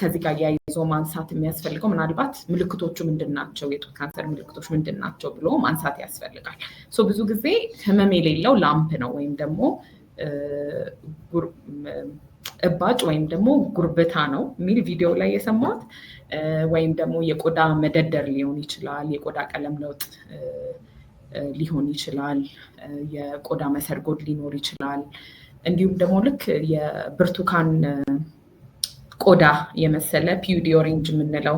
ከዚህ ጋር እያይዞ ማንሳት የሚያስፈልገው ምናልባት ምልክቶቹ ምንድን ናቸው፣ የጡት ካንሰር ምልክቶች ምንድን ናቸው ብሎ ማንሳት ያስፈልጋል። ብዙ ጊዜ ህመም የሌለው ላምፕ ነው ወይም ደግሞ እባጭ ወይም ደግሞ ጉርብታ ነው የሚል ቪዲዮ ላይ የሰማሁት። ወይም ደግሞ የቆዳ መደደር ሊሆን ይችላል፣ የቆዳ ቀለም ለውጥ ሊሆን ይችላል፣ የቆዳ መሰርጎድ ሊኖር ይችላል። እንዲሁም ደግሞ ልክ የብርቱካን ቆዳ የመሰለ ፒዩዲ ኦሬንጅ የምንለው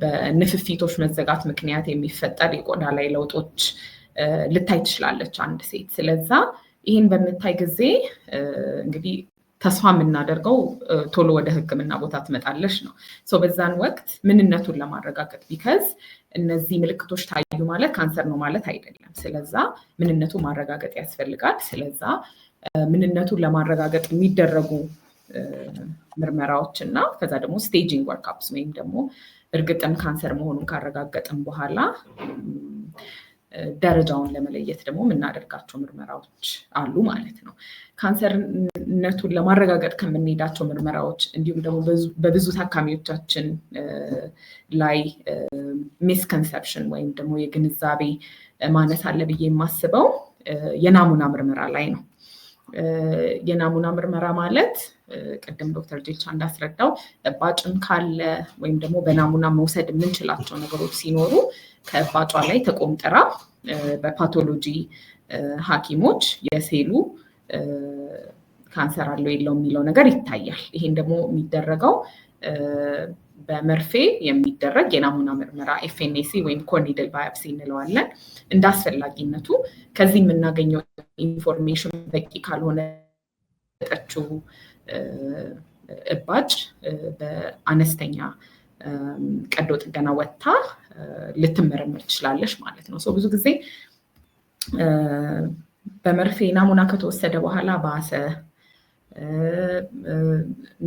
በንፍፊቶች መዘጋት ምክንያት የሚፈጠር የቆዳ ላይ ለውጦች ልታይ ትችላለች አንድ ሴት። ስለዛ ይህን በምታይ ጊዜ እንግዲህ ተስፋ የምናደርገው ቶሎ ወደ ሕክምና ቦታ ትመጣለች ነው። በዛን ወቅት ምንነቱን ለማረጋገጥ ቢከዝ እነዚህ ምልክቶች ታዩ ማለት ካንሰር ነው ማለት አይደለም። ስለዛ ምንነቱ ማረጋገጥ ያስፈልጋል። ስለዛ ምንነቱን ለማረጋገጥ የሚደረጉ ምርመራዎች እና ከዛ ደግሞ ስቴጂንግ ወርክአፕስ ወይም ደግሞ እርግጥም ካንሰር መሆኑን ካረጋገጥም በኋላ ደረጃውን ለመለየት ደግሞ የምናደርጋቸው ምርመራዎች አሉ ማለት ነው። ካንሰርነቱን ለማረጋገጥ ከምንሄዳቸው ምርመራዎች እንዲሁም ደግሞ በብዙ ታካሚዎቻችን ላይ ሚስኮንሰፕሽን ወይም ደግሞ የግንዛቤ ማነስ አለ ብዬ የማስበው የናሙና ምርመራ ላይ ነው። የናሙና ምርመራ ማለት ቅድም ዶክተር ጄቻ እንዳስረዳው እባጭም ካለ ወይም ደግሞ በናሙና መውሰድ የምንችላቸው ነገሮች ሲኖሩ ከእባጯ ላይ ተቆምጥራ በፓቶሎጂ ሐኪሞች የሴሉ ካንሰር አለው የለው የሚለው ነገር ይታያል። ይሄን ደግሞ የሚደረገው በመርፌ የሚደረግ የናሙና ምርመራ ኤፍኤንኤሲ ወይም ኮኒደል ባያፕሲ እንለዋለን። እንደ አስፈላጊነቱ ከዚህ የምናገኘው ኢንፎርሜሽን በቂ ካልሆነ ጠችው እባጭ በአነስተኛ ቀዶ ጥገና ወጥታ ልትመረመር ትችላለች ማለት ነው። ብዙ ጊዜ በመርፌ ናሙና ከተወሰደ በኋላ ባሰ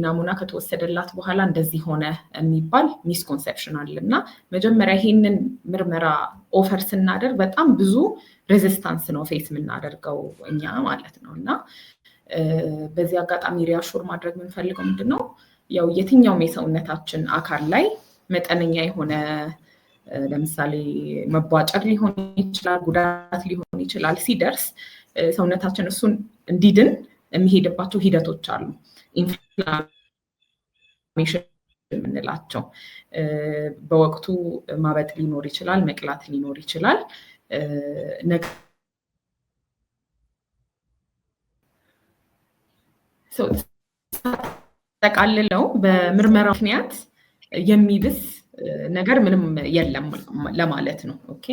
ናሙና ከተወሰደላት በኋላ እንደዚህ ሆነ የሚባል ሚስኮንሰፕሽን አለ እና መጀመሪያ ይሄንን ምርመራ ኦፈር ስናደርግ በጣም ብዙ ሬዚስታንስ ነው ፌስ የምናደርገው እኛ ማለት ነው። እና በዚህ አጋጣሚ ሪያሹር ማድረግ የምንፈልገው ምንድን ነው ያው የትኛውም የሰውነታችን አካል ላይ መጠነኛ የሆነ ለምሳሌ መቧጨር ሊሆን ይችላል፣ ጉዳት ሊሆን ይችላል። ሲደርስ ሰውነታችን እሱን እንዲድን የሚሄድባቸው ሂደቶች አሉ። ኢንፍላሜሽን የምንላቸው በወቅቱ ማበጥ ሊኖር ይችላል፣ መቅላት ሊኖር ይችላል። ጠቃልለው በምርመራ ምክንያት የሚብስ ነገር ምንም የለም ለማለት ነው። ኦኬ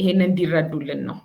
ይሄንን እንዲረዱልን ነው።